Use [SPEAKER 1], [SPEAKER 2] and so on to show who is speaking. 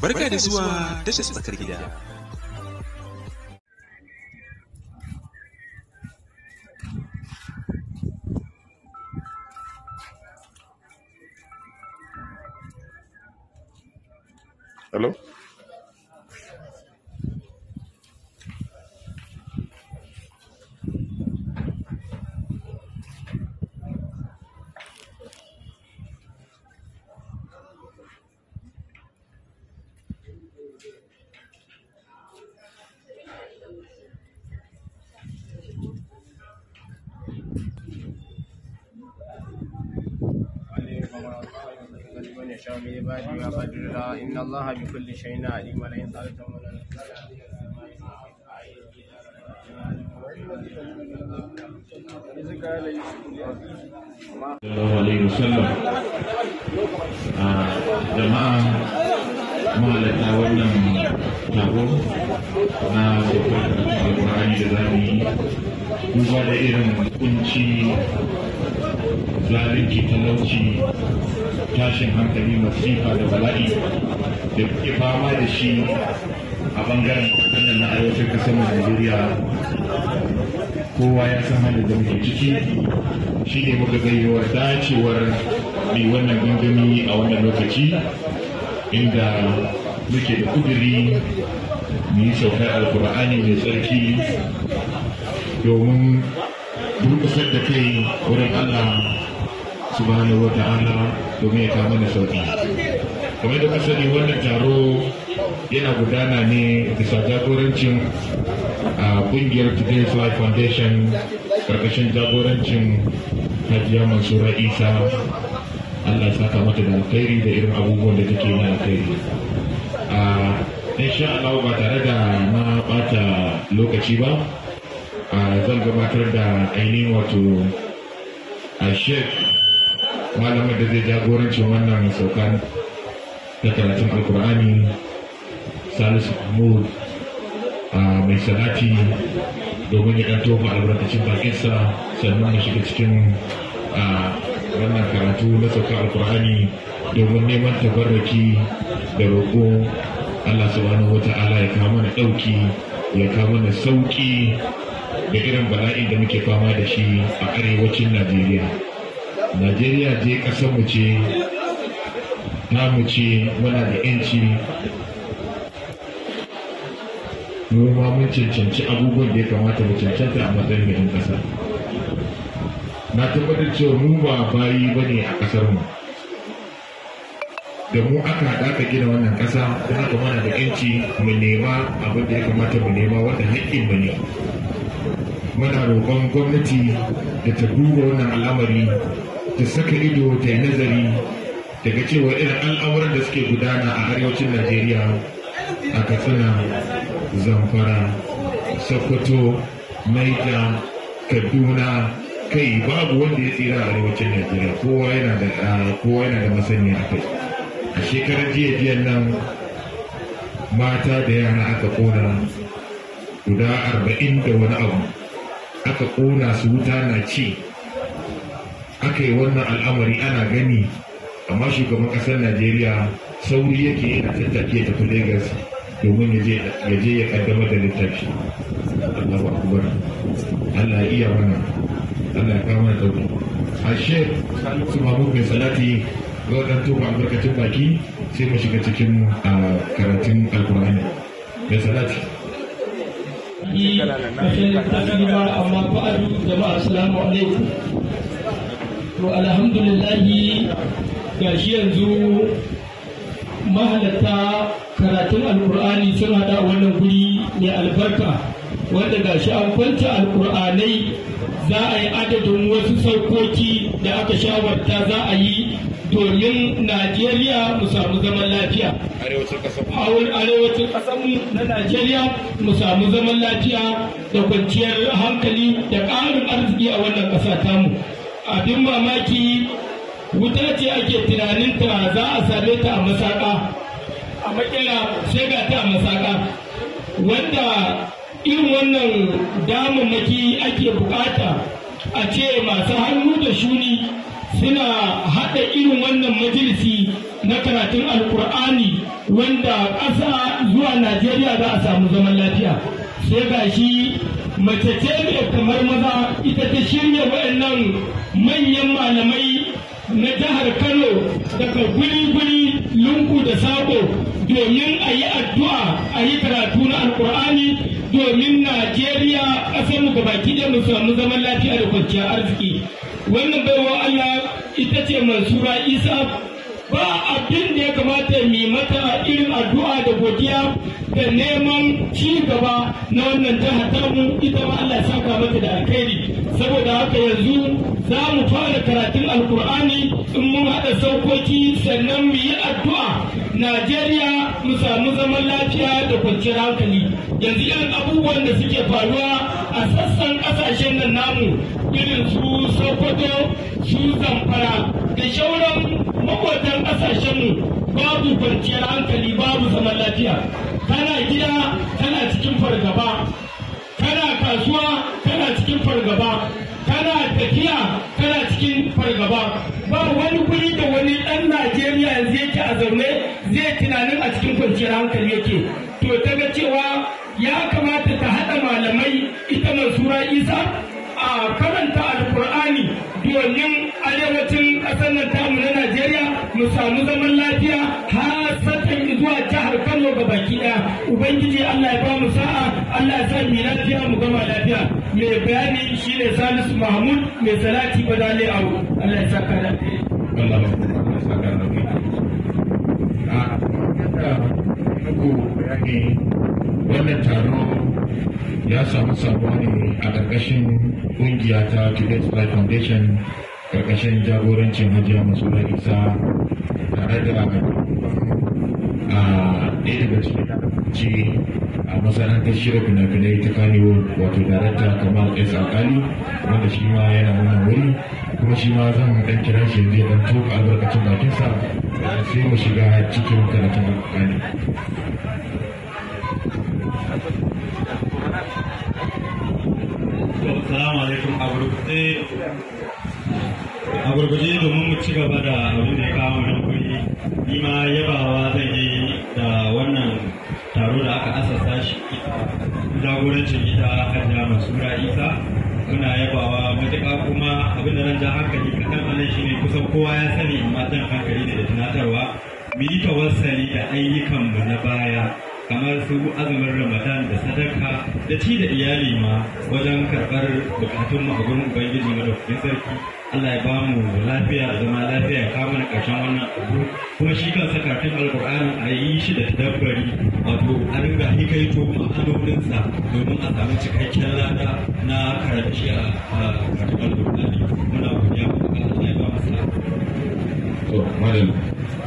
[SPEAKER 1] Barka da zuwa tashar tsakar gida. Halo? jama'a mahalarta wannan taro na da kuma da irin hukunci. zalunci talauci tashin hankali masifa da bala'i da kuke fama da shi a bangaren kanan na arewacin kasar najeriya kowa ya san halin da muke ciki shi ne muka gayyawa dacewar mai wannan gangami a wannan lokaci inda muke da kuduri mu yi saukar alkur'ani mai tsarki domin durkusar da kai wurin allah subhanahu wa ta'ala domin ya kawo mana sauki kamar da sani wannan taro yana gudana ne bisa jagorancin a kungiyar today's life foundation karkashin jagorancin hajiya mansura isa allah saka mata da alkhairi da irin abubuwan da take na alkhairi a insha Allah ba tare da na bata lokaci ba zan gabatar da ainihin wato a sheikh malamin da zai jagoranci wannan saukan da karatun alkur'ani salisu mahmud mai salati domin ya ɗan tofa albarkacin bakinsa sannan mu shiga cikin wannan karatu na sauka alkur'ani domin neman tabarraki da roƙo allah subhanahu wa ta'ala ya kawo mana ɗauki ya kawo mana sauƙi da irin bala'i da muke fama da shi a arewacin najeriya najeriya je ƙasar mu ce ta mu ce muna da yanci noma mun cancanci abubuwan da ya kamata mu cancanta a matsayin yan ƙasa na tabbatar cewa mu ba bayi ba ne a ƙasarmu. da mu aka haɗa ka gina wannan ƙasa da haka mana da yanci mu nema abin da ya kamata mu nema wata haƙƙin mu ne muna roƙon gwamnati da ta duba wannan al'amari ta saka ido ta nazari daga cewa irin al'amuran da suke gudana a arewacin najeriya a katsina zamfara sokoto naija kaduna kai babu wanda ya tsira a arewacin najeriya kowa yana da kowa yana da masani a kai a shekarar jiya jiyan nan mata da yara aka kona guda arba'in da wani abu aka kona su wuta na ce aka yi wannan al'amari ana gani amma shugaban ƙasar najeriya sauri yake yana tattaki ya tafi lagos domin ya je ya kaddama da littafi Allah ba Allah iya mana Allah ka mana tauki a su mamu mai salati ga wadan tofa albarkacin baki sai mu shiga cikin karatun alkur'ani mai salati
[SPEAKER 2] Ni, kashin amma ba, amma ba'adu jama'a, Assalamu alaikum. to alhamdulillahi shi yanzu mahalatta karatun alkur'ani sun hada wannan guri mai albarka wanda gashi an kwanta alkur'anai za a yi adadin wasu saukoki da aka shawarta za a yi domin najeriya mu samu zaman lafiya
[SPEAKER 1] arewacin
[SPEAKER 2] ƙasarmu na najeriya mu samu zaman lafiya da kwanciyar hankali da ƙarin arziki a wannan ƙasa tamu abin mamaki wuta ce ake tunanin ta za a same ta a masaka a makera sai ga ta a masaka wanda irin wannan damammaki ake bukata a ce masu hannu da shuni suna haɗa irin wannan majalisi na karatun alkur'ani wanda ƙasa zuwa najeriya za a samu zaman lafiya sai ga shi mace ce mai kamar maza ita ta shirya waɗannan manyan malamai na jihar kano daga guri-guri lungu da sako domin a yi addu'a a yi karatu na alkur'ani domin najeriya ƙasar mu gabaki da mu samu zaman lafiya da kwanciyar arziki wannan baiwa allah ita ce mansura isa ba abin da ya kamata mai mata irin addu'a da godiya da neman ci gaba na wannan jihar tamu ita ma Allah ya saka mata da alkhairi saboda haka yanzu za mu fara karatun alkur'ani in mun haɗa saukoki sannan mu yi addu'a Najeriya mu samu zaman lafiya da kwanciyar hankali yanzu irin abubuwan da suke faruwa a sassan ƙasashen nan namu irin su Sokoto su Zamfara da shauran makwatan ƙasashenmu babu kwanciyar hankali babu zaman lafiya kana gida tana cikin fargaba kana kasuwa tana cikin fargaba kana tafiya tana cikin fargaba ba wani guri da wani ɗan najeriya yanzu yake a zaune zai tunanin a cikin kwanciyar hankali yake to ta ga cewa ya kamata ta haɗa malamai ita mansura isa a karanta alkur'ani domin arewacin ƙasar nan tamu na samu zaman lafiya hasatan zuwa jihar Kano ga baki ɗaya ubangiji Allah ya ba sa'a Allah ya sa mu lafiya mu gama lafiya mai bayani shine Salisu Mahmud mai salati badale abu
[SPEAKER 1] Allah ya saka da ya saka wannan taro ya samu sabo ne a ƙarƙashin ƙungiya ta Today's Life Foundation karkashin jagorancin hajiya masura isa tare da ɗaya daga cikin a masana'antar shirya fina-finai ta kaniwo wato darakta kamal s alkali wanda shi ma yana wannan wuri kuma shi ma zan ɗan kira shi zai ɗan toka albarkacin bakinsa sai mu shiga cikin karatun alkali
[SPEAKER 2] Assalamu alaikum a a gurguje domin mu ci gaba da abin da ya kawo mana kuri ni ma yabawa zan yi da wannan taro da aka asasa shi jagorancin ita hajiya masura isa muna yabawa matuƙa kuma abin da nan ja hankali kan anan shine kusan kowa ya sani amma jan hankali ne da tunatarwa mu yi tawassali da ayyukanmu na baya kamar su azumin ramadan da sadaka da ci da iyali ma wajen karɓar bukatunmu a gurin ubangiji madaukakin sarki Allah ya ba mu lafiya zama lafiya ya kama ƙarshen wannan abu kuma shi kan karatun alƙur'ani a yi shi da tadabbari wato a ringa hikaito hannunsa domin a samu cikakken lada na karanci a karatun alƙur'ani muna godiya ga
[SPEAKER 1] Allah ya ba mu sa'a.